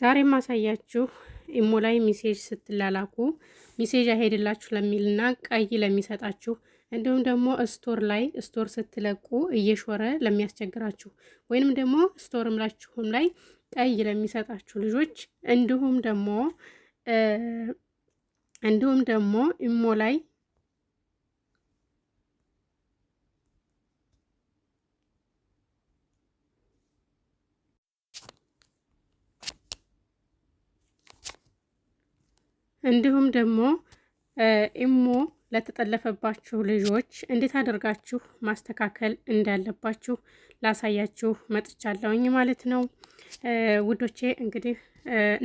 ዛሬ ማሳያችሁ ኢሞ ላይ ሚሴጅ ስትላላኩ ሚሴጅ አይሄድላችሁ ለሚልና ቀይ ለሚሰጣችሁ እንዲሁም ደግሞ ስቶር ላይ ስቶር ስትለቁ እየሾረ ለሚያስቸግራችሁ ወይንም ደግሞ ስቶር ምላችሁም ላይ ቀይ ለሚሰጣችሁ ልጆች እንዲሁም ደግሞ እንዲሁም ደግሞ ኢሞ ላይ እንዲሁም ደግሞ ኢሞ ለተጠለፈባችሁ ልጆች እንዴት አድርጋችሁ ማስተካከል እንዳለባችሁ ላሳያችሁ መጥቻለሁኝ ማለት ነው። ውዶቼ እንግዲህ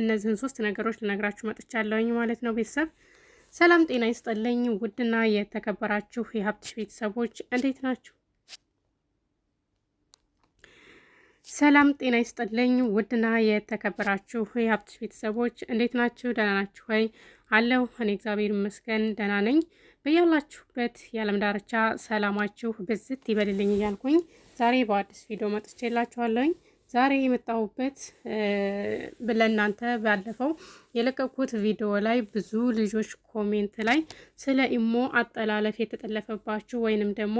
እነዚህን ሶስት ነገሮች ልነግራችሁ መጥቻለሁኝ ማለት ነው። ቤተሰብ ሰላም ጤና ይስጠለኝ። ውድና የተከበራችሁ የሀብትሽ ቤተሰቦች እንዴት ናችሁ? ሰላም ጤና ይስጥልኝ። ውድና የተከበራችሁ የሀብትሽ ቤተሰቦች እንዴት ናችሁ? ደህና ናችሁ ወይ? አለሁ እኔ እግዚአብሔር ይመስገን ደህና ነኝ። በያላችሁበት የዓለም ዳርቻ ሰላማችሁ ብዝት ይበልልኝ እያልኩኝ ዛሬ በአዲስ ቪዲዮ መጥቼላችኋለሁኝ። ዛሬ የመጣሁበት ለእናንተ ባለፈው የለቀኩት ቪዲዮ ላይ ብዙ ልጆች ኮሜንት ላይ ስለ ኢሞ አጠላለፍ የተጠለፈባችሁ ወይንም ደግሞ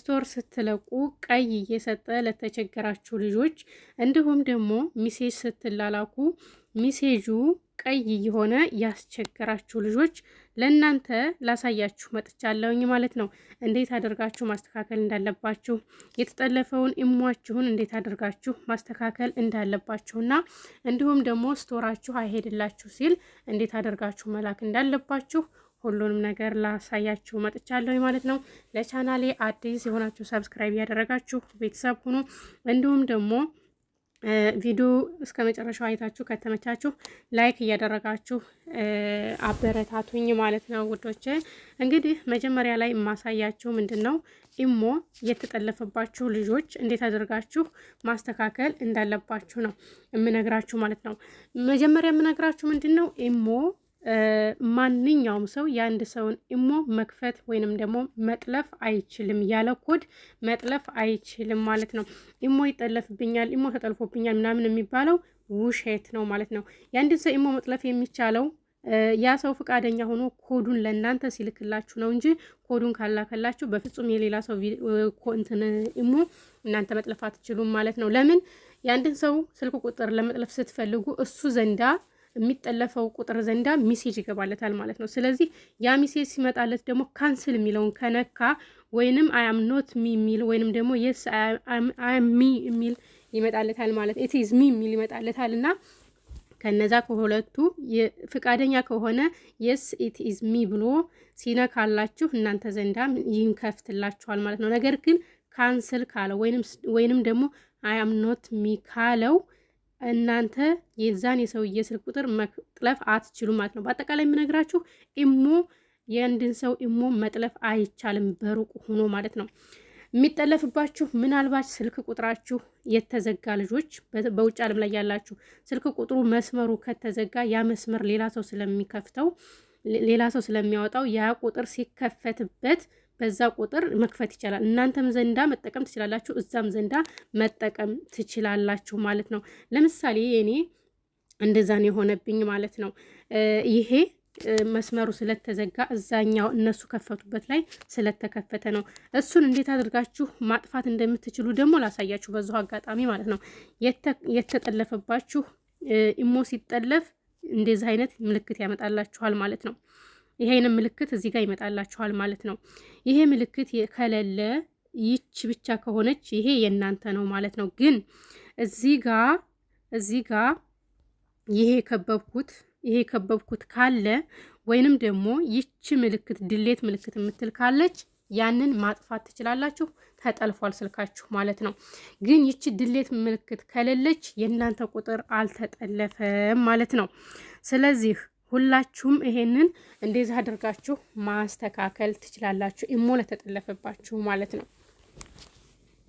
ስቶር ስትለቁ ቀይ እየሰጠ ለተቸገራችሁ ልጆች እንዲሁም ደግሞ ሚሴጅ ስትላላኩ ሚሴጁ ቀይ የሆነ ያስቸገራችሁ ልጆች ለእናንተ ላሳያችሁ መጥቻለሁኝ ማለት ነው። እንዴት አድርጋችሁ ማስተካከል እንዳለባችሁ የተጠለፈውን ኢሟችሁን እንዴት አድርጋችሁ ማስተካከል እንዳለባችሁና እንዲሁም ደግሞ ስቶራችሁ አይሄድላችሁ ሲል እንዴት አድርጋችሁ መላክ እንዳለባችሁ ሁሉንም ነገር ላሳያችሁ መጥቻለሁኝ ማለት ነው። ለቻናሌ አዲስ የሆናችሁ ሰብስክራይብ ያደረጋችሁ ቤተሰብ ሁኑ። እንዲሁም ደግሞ ቪዲዮ እስከ መጨረሻው አይታችሁ ከተመቻችሁ ላይክ እያደረጋችሁ አበረታቱኝ ማለት ነው ውዶቼ። እንግዲህ መጀመሪያ ላይ የማሳያችሁ ምንድን ነው ኢሞ የተጠለፈባችሁ ልጆች እንዴት አድርጋችሁ ማስተካከል እንዳለባችሁ ነው የምነግራችሁ ማለት ነው። መጀመሪያ የምነግራችሁ ምንድን ነው ኢሞ ማንኛውም ሰው የአንድ ሰውን ኢሞ መክፈት ወይንም ደግሞ መጥለፍ አይችልም፣ ያለ ኮድ መጥለፍ አይችልም ማለት ነው። ኢሞ ይጠለፍብኛል፣ ኢሞ ተጠልፎብኛል ምናምን የሚባለው ውሸት ነው ማለት ነው። የአንድን ሰው ኢሞ መጥለፍ የሚቻለው ያ ሰው ፈቃደኛ ሆኖ ኮዱን ለእናንተ ሲልክላችሁ ነው እንጂ ኮዱን ካላከላችሁ በፍጹም የሌላ ሰው እንትን ኢሞ እናንተ መጥለፍ አትችሉም ማለት ነው። ለምን የአንድን ሰው ስልክ ቁጥር ለመጥለፍ ስትፈልጉ እሱ ዘንዳ የሚጠለፈው ቁጥር ዘንዳ ሚሴጅ ይገባለታል ማለት ነው። ስለዚህ ያ ሚሴጅ ሲመጣለት ደግሞ ካንስል የሚለውን ከነካ ወይንም አያም ኖት ሚ የሚል ወይንም ደግሞ የስ አያም ሚ የሚል ይመጣለታል ማለት ኢት ኢዝ ሚ የሚል ይመጣለታል እና ከነዛ ከሁለቱ ፍቃደኛ ከሆነ የስ ኢት ኢዝ ሚ ብሎ ሲነካላችሁ እናንተ ዘንዳ ይንከፍትላችኋል ማለት ነው። ነገር ግን ካንስል ካለው ወይንም ደግሞ አያም ኖት ሚ ካለው እናንተ የዛን የሰውዬ ስልክ ቁጥር መጥለፍ አትችሉም ማለት ነው። በአጠቃላይ የምነግራችሁ ኢሞ የአንድን ሰው ኢሞ መጥለፍ አይቻልም፣ በሩቅ ሆኖ ማለት ነው። የሚጠለፍባችሁ ምናልባት ስልክ ቁጥራችሁ የተዘጋ ልጆች፣ በውጭ ዓለም ላይ ያላችሁ ስልክ ቁጥሩ መስመሩ ከተዘጋ ያ መስመር ሌላ ሰው ስለሚከፍተው ሌላ ሰው ስለሚያወጣው ያ ቁጥር ሲከፈትበት በዛ ቁጥር መክፈት ይቻላል። እናንተም ዘንዳ መጠቀም ትችላላችሁ፣ እዛም ዘንዳ መጠቀም ትችላላችሁ ማለት ነው። ለምሳሌ የኔ እንደዛን የሆነብኝ ማለት ነው ይሄ መስመሩ ስለተዘጋ እዛኛው እነሱ ከፈቱበት ላይ ስለተከፈተ ነው። እሱን እንዴት አድርጋችሁ ማጥፋት እንደምትችሉ ደግሞ ላሳያችሁ በዚሁ አጋጣሚ ማለት ነው። የተጠለፈባችሁ ኢሞ ሲጠለፍ እንደዚህ አይነት ምልክት ያመጣላችኋል ማለት ነው። ይሄ ምልክት እዚህ ጋር ይመጣላችኋል ማለት ነው። ይሄ ምልክት ከሌለ ይች ብቻ ከሆነች ይሄ የእናንተ ነው ማለት ነው። ግን እዚህ ጋ እዚህ ጋ ይሄ የከበብኩት ይሄ የከበብኩት ካለ ወይንም ደግሞ ይች ምልክት ድሌት ምልክት የምትል ካለች ያንን ማጥፋት ትችላላችሁ። ተጠልፏል ስልካችሁ ማለት ነው። ግን ይቺ ድሌት ምልክት ከሌለች የእናንተ ቁጥር አልተጠለፈም ማለት ነው። ስለዚህ ሁላችሁም ይሄንን እንደዚህ አድርጋችሁ ማስተካከል ትችላላችሁ። ኢሞ ለተጠለፈባችሁ ማለት ነው።